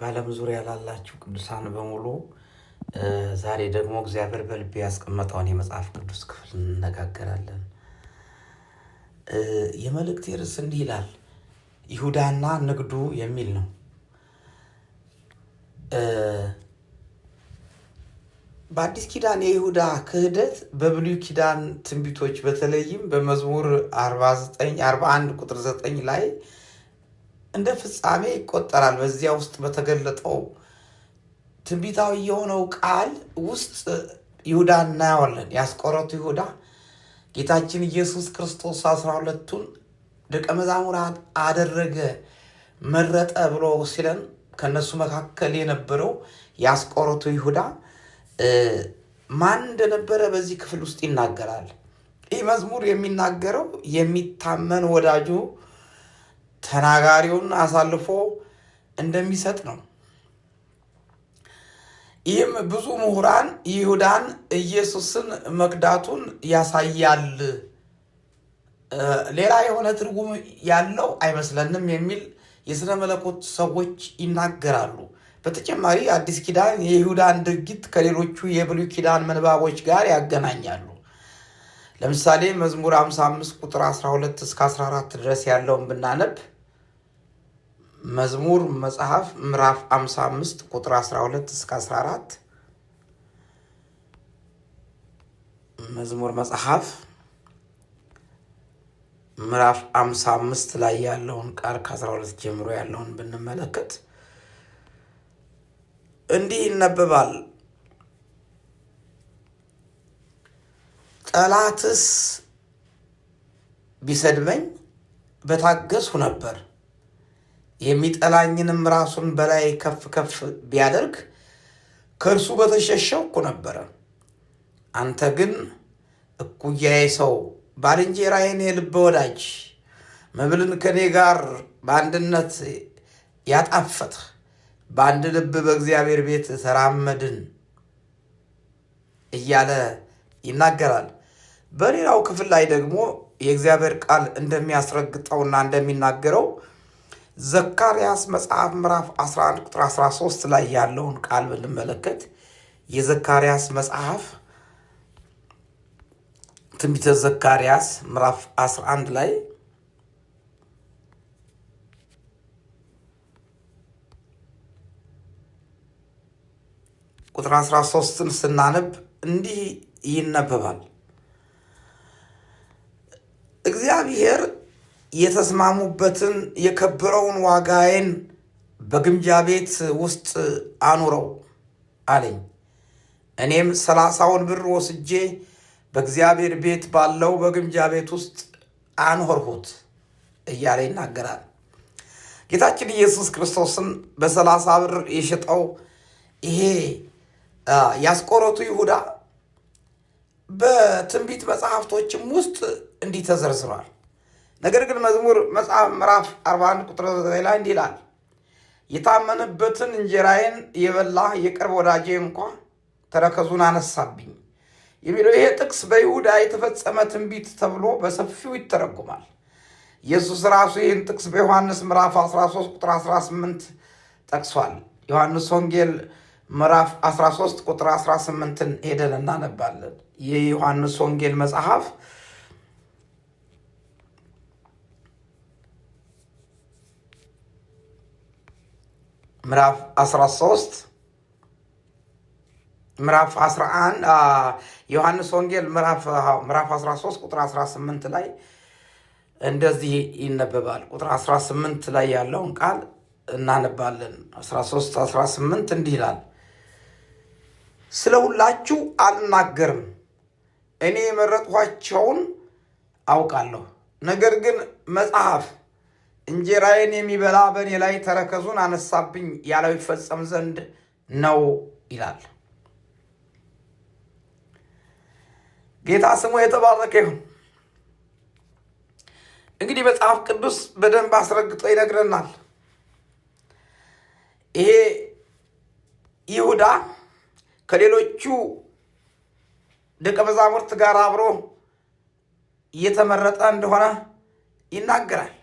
በዓለም ዙሪያ ላላችሁ ቅዱሳን በሙሉ ዛሬ ደግሞ እግዚአብሔር በልቤ ያስቀመጠውን የመጽሐፍ ቅዱስ ክፍል እንነጋገራለን። የመልእክቴ ርዕስ እንዲህ ይላል፣ ይሁዳና ንግዱ የሚል ነው። በአዲስ ኪዳን የይሁዳ ክህደት በብሉይ ኪዳን ትንቢቶች በተለይም በመዝሙር 49 41 ቁጥር 9 ላይ እንደ ፍጻሜ ይቆጠራል። በዚያ ውስጥ በተገለጠው ትንቢታዊ የሆነው ቃል ውስጥ ይሁዳ እናየዋለን። ያስቆረቱ ይሁዳ ጌታችን ኢየሱስ ክርስቶስ አስራ ሁለቱን ደቀ መዛሙራት አደረገ መረጠ ብሎ ሲለን ከእነሱ መካከል የነበረው ያስቆረቱ ይሁዳ ማን እንደነበረ በዚህ ክፍል ውስጥ ይናገራል። ይህ መዝሙር የሚናገረው የሚታመን ወዳጁ ተናጋሪውን አሳልፎ እንደሚሰጥ ነው። ይህም ብዙ ምሁራን ይሁዳን ኢየሱስን መክዳቱን ያሳያል፣ ሌላ የሆነ ትርጉም ያለው አይመስለንም የሚል የሥነ መለኮት ሰዎች ይናገራሉ። በተጨማሪ አዲስ ኪዳን የይሁዳን ድርጊት ከሌሎቹ የብሉይ ኪዳን ምንባቦች ጋር ያገናኛሉ። ለምሳሌ መዝሙር 55 ቁጥር 12 እስከ 14 ድረስ ያለውን ብናነብ መዝሙር መጽሐፍ ምዕራፍ 55 ቁጥር 12 እስከ 14 መዝሙር መጽሐፍ ምዕራፍ 55 ላይ ያለውን ቃል ከ12 ጀምሮ ያለውን ብንመለከት እንዲህ ይነበባል። ጠላትስ ቢሰድበኝ በታገስሁ ነበር የሚጠላኝንም ራሱን በላይ ከፍ ከፍ ቢያደርግ ከእርሱ እኩ ነበረ። አንተ ግን እኩያዬ ሰው፣ ባልንጀራዬን፣ የልብ ወዳጅ፣ መብልን ከእኔ ጋር በአንድነት ያጣፈጥህ፣ በአንድ ልብ በእግዚአብሔር ቤት ተራመድን እያለ ይናገራል። በሌላው ክፍል ላይ ደግሞ የእግዚአብሔር ቃል እንደሚያስረግጠውና እንደሚናገረው ዘካርያስ መጽሐፍ ምዕራፍ 11 ቁጥር 13 ላይ ያለውን ቃል ብንመለከት የዘካርያስ መጽሐፍ ትንቢተ ዘካርያስ ምዕራፍ 11 ላይ ቁጥር 13ን ስናነብ እንዲህ ይነበባል። የተስማሙበትን የከበረውን ዋጋዬን በግምጃ ቤት ውስጥ አኑረው አለኝ። እኔም ሰላሳውን ብር ወስጄ በእግዚአብሔር ቤት ባለው በግምጃ ቤት ውስጥ አኖርሁት እያለ ይናገራል። ጌታችን ኢየሱስ ክርስቶስን በሰላሳ ብር የሸጠው ይሄ ያስቆረቱ ይሁዳ በትንቢት መጽሐፍቶችም ውስጥ እንዲህ ተዘርዝሯል። ነገር ግን መዝሙር መጽሐፍ ምዕራፍ 41 ቁጥር 9 ላይ እንዲህ ይላል፣ የታመንበትን እንጀራዬን የበላ የቅርብ ወዳጄ እንኳ ተረከዙን አነሳብኝ የሚለው ይሄ ጥቅስ በይሁዳ የተፈጸመ ትንቢት ተብሎ በሰፊው ይተረጉማል። ኢየሱስ ራሱ ይህን ጥቅስ በዮሐንስ ምዕራፍ 13 ቁጥር 18 ጠቅሷል። ዮሐንስ ወንጌል ምዕራፍ 13 ቁጥር 18ን ሄደን እናነባለን። የዮሐንስ ወንጌል መጽሐፍ ምዕራፍ 13 ምዕራፍ 11 ዮሐንስ ወንጌል ምዕራፍ 13 ቁጥር 18 ላይ እንደዚህ ይነበባል። ቁጥር 18 ላይ ያለውን ቃል እናነባለን። 13 18 እንዲህ ይላል፣ ስለ ሁላችሁ አልናገርም፣ እኔ የመረጥኋቸውን አውቃለሁ። ነገር ግን መጽሐፍ እንጀራዬን የሚበላ በእኔ ላይ ተረከዙን አነሳብኝ ያለው ይፈጸም ዘንድ ነው ይላል። ጌታ ስሙ የተባረከ ይሁን። እንግዲህ መጽሐፍ ቅዱስ በደንብ አስረግጦ ይነግረናል። ይሄ ይሁዳ ከሌሎቹ ደቀ መዛሙርት ጋር አብሮ እየተመረጠ እንደሆነ ይናገራል።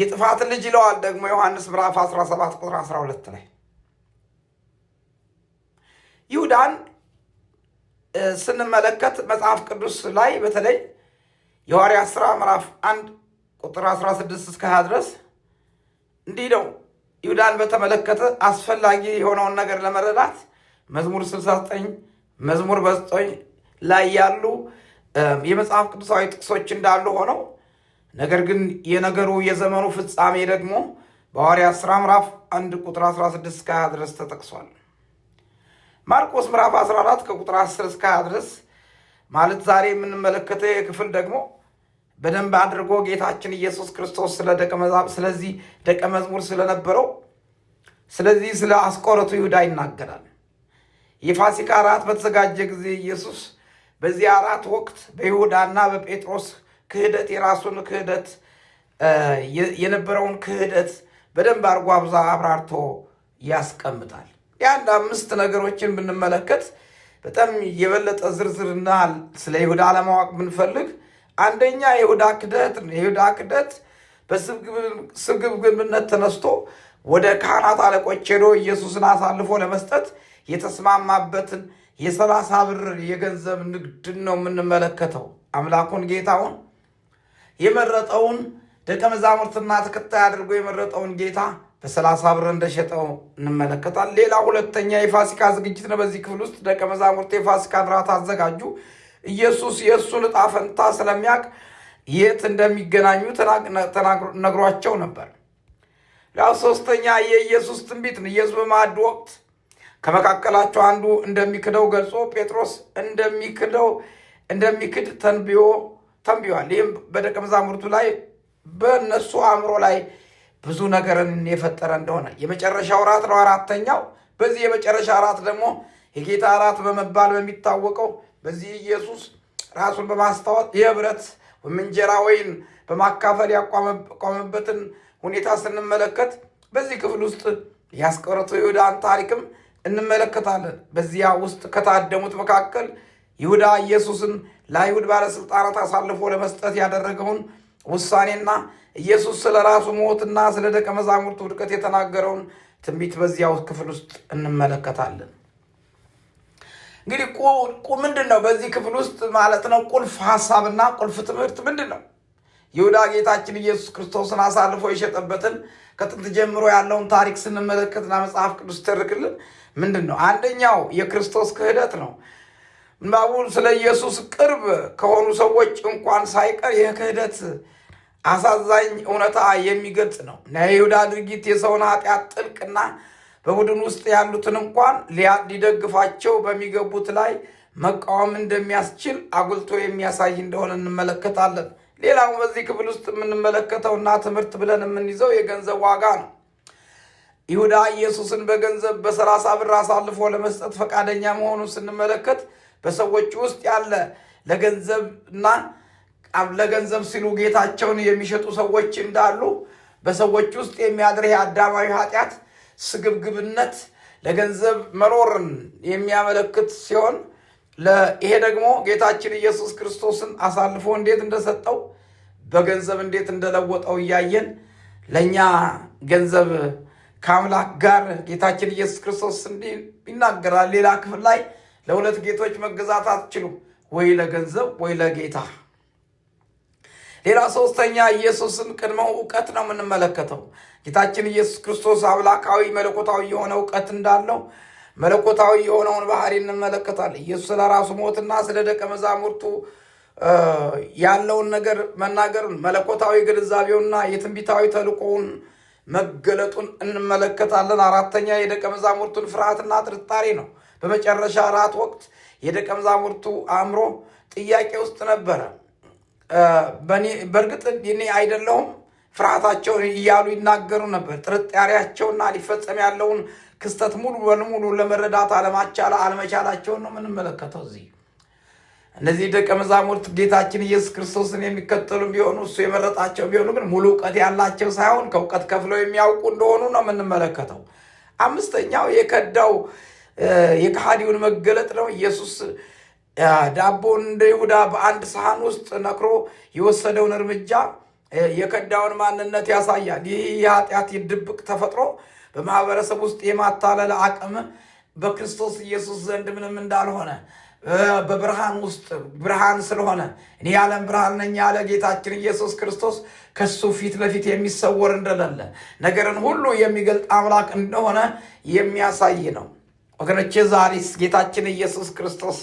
የጥፋት ልጅ ይለዋል ደግሞ ዮሐንስ ምዕራፍ 17 ቁጥር 12 ላይ ይሁዳን ስንመለከት መጽሐፍ ቅዱስ ላይ በተለይ የዋርያ ስራ ምዕራፍ 1 ቁጥር 16 እስከ 20 ድረስ እንዲህ ነው። ይሁዳን በተመለከተ አስፈላጊ የሆነውን ነገር ለመረዳት መዝሙር 69 መዝሙር በዘጠኝ ላይ ያሉ የመጽሐፍ ቅዱሳዊ ጥቅሶች እንዳሉ ሆነው ነገር ግን የነገሩ የዘመኑ ፍጻሜ ደግሞ በሐዋርያት ሥራ ምዕራፍ 1 ቁጥር 16 እስከ 20 ድረስ ተጠቅሷል። ማርቆስ ምዕራፍ 14 ከቁጥር 10 እስከ 20 ድረስ ማለት ዛሬ የምንመለከተው የክፍል ደግሞ በደንብ አድርጎ ጌታችን ኢየሱስ ክርስቶስ ስለዚህ ደቀ መዝሙር ስለነበረው ስለዚህ ስለ አስቆረቱ ይሁዳ ይናገራል። የፋሲካ እራት በተዘጋጀ ጊዜ ኢየሱስ በዚህ አራት ወቅት በይሁዳና በጴጥሮስ ክህደት የራሱን ክህደት የነበረውን ክህደት በደንብ አድርጎ አብዛ አብራርቶ ያስቀምጣል። የአንድ አምስት ነገሮችን ብንመለከት በጣም የበለጠ ዝርዝርና ስለ ይሁዳ አለማወቅ ብንፈልግ አንደኛ የይሁዳ ክደት የይሁዳ ክደት በስግብግብነት ተነስቶ ወደ ካህናት አለቆች ሄዶ ኢየሱስን አሳልፎ ለመስጠት የተስማማበትን የሰላሳ ብር የገንዘብ ንግድን ነው የምንመለከተው። አምላኩን ጌታውን የመረጠውን ደቀ መዛሙርትና ተከታይ አድርጎ የመረጠውን ጌታ በሰላሳ ብር እንደሸጠው እንመለከታል። ሌላ ሁለተኛ የፋሲካ ዝግጅት ነው። በዚህ ክፍል ውስጥ ደቀ መዛሙርት የፋሲካ እራት አዘጋጁ። ኢየሱስ የእሱን ዕጣ ፈንታ ስለሚያውቅ የት እንደሚገናኙ ነግሯቸው ነበር። ሌላ ሶስተኛ የኢየሱስ ትንቢት ነው። ኢየሱስ በማዕድ ወቅት ከመካከላቸው አንዱ እንደሚክደው ገልጾ ጴጥሮስ እንደሚክደው እንደሚክድ ተንብዮ ተንቢዋል። ይህም በደቀ መዛሙርቱ ላይ በእነሱ አእምሮ ላይ ብዙ ነገርን የፈጠረ እንደሆነ የመጨረሻው እራት ነው አራተኛው። በዚህ የመጨረሻ እራት ደግሞ የጌታ እራት በመባል በሚታወቀው በዚህ ኢየሱስ ራሱን በማስታወት የህብረት ወይም እንጀራ ወይን በማካፈል ያቋመበትን ሁኔታ ስንመለከት በዚህ ክፍል ውስጥ የአስቆሮቱ ይሁዳን ታሪክም እንመለከታለን። በዚያ ውስጥ ከታደሙት መካከል ይሁዳ ኢየሱስን ለአይሁድ ባለሥልጣናት አሳልፎ ለመስጠት ያደረገውን ውሳኔና ኢየሱስ ስለ ራሱ ሞትና ስለ ደቀ መዛሙርቱ ውድቀት የተናገረውን ትንቢት በዚያው ክፍል ውስጥ እንመለከታለን። እንግዲህ ምንድን ነው በዚህ ክፍል ውስጥ ማለት ነው ቁልፍ ሀሳብና ቁልፍ ትምህርት ምንድን ነው? ይሁዳ ጌታችን ኢየሱስ ክርስቶስን አሳልፎ የሸጠበትን ከጥንት ጀምሮ ያለውን ታሪክ ስንመለከትና መጽሐፍ ቅዱስ ተርክልን ምንድን ነው? አንደኛው የክርስቶስ ክህደት ነው። እምባቡል ስለ ኢየሱስ ቅርብ ከሆኑ ሰዎች እንኳን ሳይቀር የክህደት አሳዛኝ እውነታ የሚገልጽ ነው የይሁዳ ድርጊት የሰውን ኃጢአት ጥልቅና በቡድን ውስጥ ያሉትን እንኳን ሊደግፋቸው በሚገቡት ላይ መቃወም እንደሚያስችል አጉልቶ የሚያሳይ እንደሆነ እንመለከታለን። ሌላው በዚህ ክፍል ውስጥ የምንመለከተውና ትምህርት ብለን የምንይዘው የገንዘብ ዋጋ ነው። ይሁዳ ኢየሱስን በገንዘብ በሰላሳ ብር አሳልፎ ለመስጠት ፈቃደኛ መሆኑን ስንመለከት በሰዎች ውስጥ ያለ ለገንዘብና ለገንዘብ ሲሉ ጌታቸውን የሚሸጡ ሰዎች እንዳሉ በሰዎች ውስጥ የሚያድር የአዳማዊ ኃጢአት ስግብግብነት ለገንዘብ መኖርን የሚያመለክት ሲሆን ይሄ ደግሞ ጌታችን ኢየሱስ ክርስቶስን አሳልፎ እንዴት እንደሰጠው በገንዘብ እንዴት እንደለወጠው እያየን ለእኛ ገንዘብ ከአምላክ ጋር ጌታችን ኢየሱስ ክርስቶስ እንዲህ ይናገራል ሌላ ክፍል ላይ ለሁለት ጌቶች መገዛት አትችሉም፣ ወይ ለገንዘብ ወይ ለጌታ። ሌላ ሶስተኛ ኢየሱስን ቅድመ እውቀት ነው የምንመለከተው። ጌታችን ኢየሱስ ክርስቶስ አብላካዊ መለኮታዊ የሆነ እውቀት እንዳለው መለኮታዊ የሆነውን ባህሪ እንመለከታለን። ኢየሱስ ስለ ራሱ ሞትና ስለ ደቀ መዛሙርቱ ያለውን ነገር መናገሩን መለኮታዊ ግንዛቤውና የትንቢታዊ ተልእኮውን መገለጡን እንመለከታለን። አራተኛ የደቀ መዛሙርቱን ፍርሃትና ጥርጣሬ ነው። በመጨረሻ እራት ወቅት የደቀ መዛሙርቱ አእምሮ ጥያቄ ውስጥ ነበረ። በእርግጥ እኔ አይደለሁም ፍርሃታቸውን እያሉ ይናገሩ ነበር። ጥርጣሬያቸውና ሊፈጸም ያለውን ክስተት ሙሉ በሙሉ ለመረዳት አለማቻለ አለመቻላቸውን ነው የምንመለከተው እዚህ። እነዚህ ደቀ መዛሙርት ጌታችን ኢየሱስ ክርስቶስን የሚከተሉ ቢሆኑ እሱ የመረጣቸው ቢሆኑ ግን ሙሉ እውቀት ያላቸው ሳይሆን ከእውቀት ከፍለው የሚያውቁ እንደሆኑ ነው የምንመለከተው። አምስተኛው የከዳው የካሃዲውን መገለጥ ነው። ኢየሱስ ዳቦ እንደ ይሁዳ በአንድ ሰሃን ውስጥ ነክሮ የወሰደውን እርምጃ የከዳውን ማንነት ያሳያል። ይህ የኃጢአት ድብቅ ተፈጥሮ በማህበረሰብ ውስጥ የማታለል አቅም በክርስቶስ ኢየሱስ ዘንድ ምንም እንዳልሆነ በብርሃን ውስጥ ብርሃን ስለሆነ እኔ የዓለም ብርሃን ነኝ ያለ ጌታችን ኢየሱስ ክርስቶስ ከሱ ፊት ለፊት የሚሰወር እንደሌለ ነገርን ሁሉ የሚገልጥ አምላክ እንደሆነ የሚያሳይ ነው። ወገኖቼ ዛሬስ ጌታችን ኢየሱስ ክርስቶስ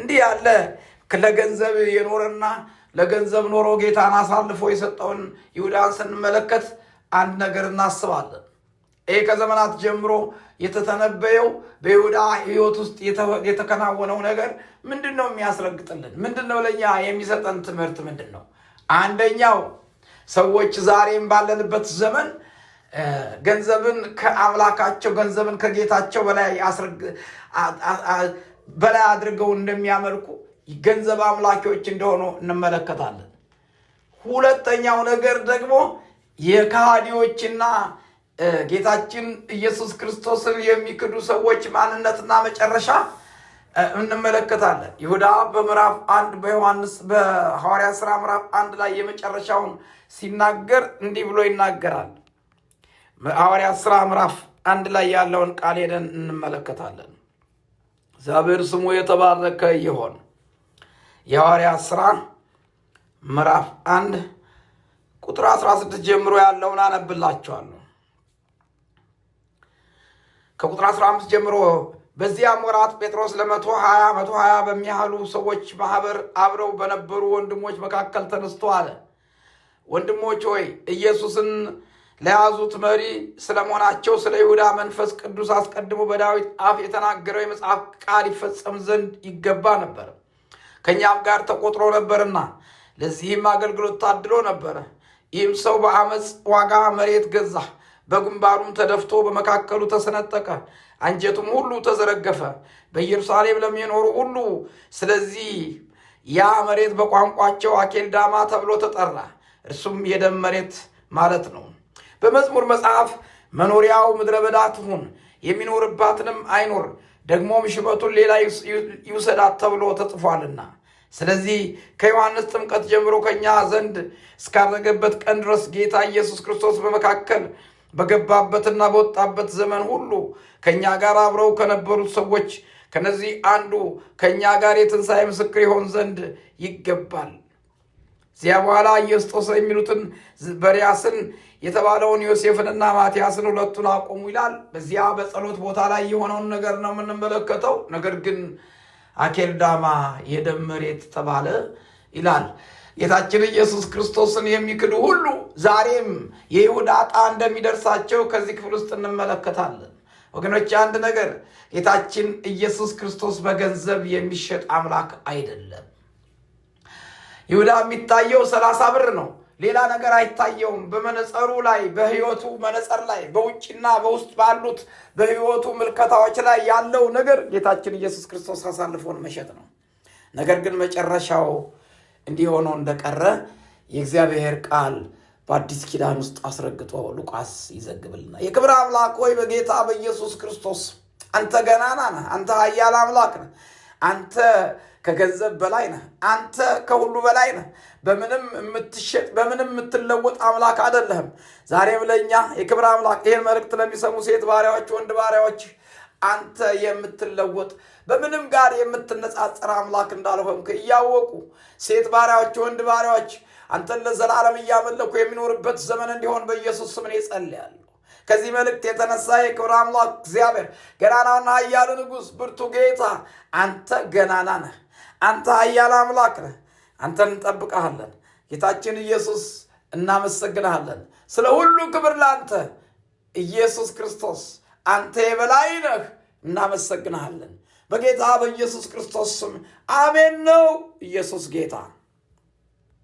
እንዲህ ያለ ለገንዘብ የኖረና ለገንዘብ ኖሮ ጌታን አሳልፎ የሰጠውን ይሁዳን ስንመለከት አንድ ነገር እናስባለን። ይህ ከዘመናት ጀምሮ የተተነበየው በይሁዳ ሕይወት ውስጥ የተከናወነው ነገር ምንድን ነው የሚያስረግጥልን? ምንድን ነው ለእኛ የሚሰጠን ትምህርት ምንድን ነው? አንደኛው ሰዎች ዛሬም ባለንበት ዘመን ገንዘብን ከአምላካቸው ገንዘብን ከጌታቸው በላይ አድርገው እንደሚያመልኩ ገንዘብ አምላኪዎች እንደሆኑ እንመለከታለን። ሁለተኛው ነገር ደግሞ የካሃዲዎችና ጌታችን ኢየሱስ ክርስቶስን የሚክዱ ሰዎች ማንነትና መጨረሻ እንመለከታለን። ይሁዳ በምዕራፍ አንድ በዮሐንስ በሐዋርያ ሥራ ምዕራፍ አንድ ላይ የመጨረሻውን ሲናገር እንዲህ ብሎ ይናገራል። ሐዋርያት ሥራ ምዕራፍ አንድ ላይ ያለውን ቃል ሄደን እንመለከታለን። እግዚአብሔር ስሙ የተባረከ ይሆን። የሐዋርያ ሥራ ምዕራፍ አንድ ቁጥር 16 ጀምሮ ያለውን አነብላችኋለሁ። ከቁጥር 15 ጀምሮ በዚያም ወራት ጴጥሮስ ለመቶ ሀያ መቶ ሀያ በሚያህሉ ሰዎች ማኅበር አብረው በነበሩ ወንድሞች መካከል ተነስቶ አለ፣ ወንድሞች ሆይ ኢየሱስን ለያዙት መሪ ስለመሆናቸው ስለ ይሁዳ መንፈስ ቅዱስ አስቀድሞ በዳዊት አፍ የተናገረው የመጽሐፍ ቃል ይፈጸም ዘንድ ይገባ ነበር። ከእኛም ጋር ተቆጥሮ ነበርና ለዚህም አገልግሎት ታድሎ ነበረ። ይህም ሰው በአመፅ ዋጋ መሬት ገዛ፣ በግንባሩም ተደፍቶ በመካከሉ ተሰነጠቀ፣ አንጀቱም ሁሉ ተዘረገፈ። በኢየሩሳሌም ለሚኖሩ ሁሉ ስለዚህ ያ መሬት በቋንቋቸው አኬልዳማ ተብሎ ተጠራ። እርሱም የደም መሬት ማለት ነው። በመዝሙር መጽሐፍ መኖሪያው ምድረ በዳ ትሁን፣ የሚኖርባትንም አይኖር፣ ደግሞም ሽበቱን ሌላ ይውሰዳት ተብሎ ተጽፏልና። ስለዚህ ከዮሐንስ ጥምቀት ጀምሮ ከእኛ ዘንድ እስካረገበት ቀን ድረስ ጌታ ኢየሱስ ክርስቶስ በመካከል በገባበትና በወጣበት ዘመን ሁሉ ከእኛ ጋር አብረው ከነበሩት ሰዎች ከነዚህ አንዱ ከእኛ ጋር የትንሣኤ ምስክር ይሆን ዘንድ ይገባል። እዚያ በኋላ ኢየሱስ የሚሉትን በሪያስን የተባለውን ዮሴፍንና ማቲያስን ሁለቱን አቆሙ ይላል። በዚያ በጸሎት ቦታ ላይ የሆነውን ነገር ነው የምንመለከተው። ነገር ግን አኬልዳማ የደም መሬት ተባለ ይላል። ጌታችን ኢየሱስ ክርስቶስን የሚክዱ ሁሉ ዛሬም የይሁዳ ዕጣ እንደሚደርሳቸው ከዚህ ክፍል ውስጥ እንመለከታለን። ወገኖች አንድ ነገር ጌታችን ኢየሱስ ክርስቶስ በገንዘብ የሚሸጥ አምላክ አይደለም። ይሁዳ የሚታየው ሰላሳ ብር ነው። ሌላ ነገር አይታየውም። በመነጸሩ ላይ በህይወቱ መነጸር ላይ በውጭና በውስጥ ባሉት በህይወቱ ምልከታዎች ላይ ያለው ነገር ጌታችን ኢየሱስ ክርስቶስ አሳልፎን መሸጥ ነው። ነገር ግን መጨረሻው እንዲሆነው እንደቀረ የእግዚአብሔር ቃል በአዲስ ኪዳን ውስጥ አስረግጦ ሉቃስ ይዘግብልና የክብር አምላክ ሆይ በጌታ በኢየሱስ ክርስቶስ አንተ ገናና ነህ። አንተ ኃያል አምላክ ነህ። አንተ ከገንዘብ በላይ ነህ። አንተ ከሁሉ በላይ ነህ። በምንም የምትሸጥ በምንም የምትለወጥ አምላክ አይደለህም። ዛሬም ለእኛ የክብር አምላክ ይህን መልእክት ለሚሰሙ ሴት ባሪያዎች፣ ወንድ ባሪያዎች አንተ የምትለወጥ በምንም ጋር የምትነጻጸር አምላክ እንዳልሆንክ እያወቁ ሴት ባሪያዎች፣ ወንድ ባሪያዎች አንተን ለዘላለም እያመለኩ የሚኖርበት ዘመን እንዲሆን በኢየሱስ ስምን እኔ ከዚህ መልእክት የተነሳ የክብር አምላክ እግዚአብሔር ገናናውና ኃያሉ ንጉሥ፣ ብርቱ ጌታ አንተ ገናና ነህ። አንተ ኃያል አምላክ ነህ። አንተን እንጠብቀሃለን። ጌታችን ኢየሱስ እናመሰግንሃለን። ስለ ሁሉ ክብር ለአንተ ኢየሱስ ክርስቶስ፣ አንተ የበላይ ነህ። እናመሰግንሃለን። በጌታ በኢየሱስ ክርስቶስ ስም አሜን። ነው ኢየሱስ ጌታ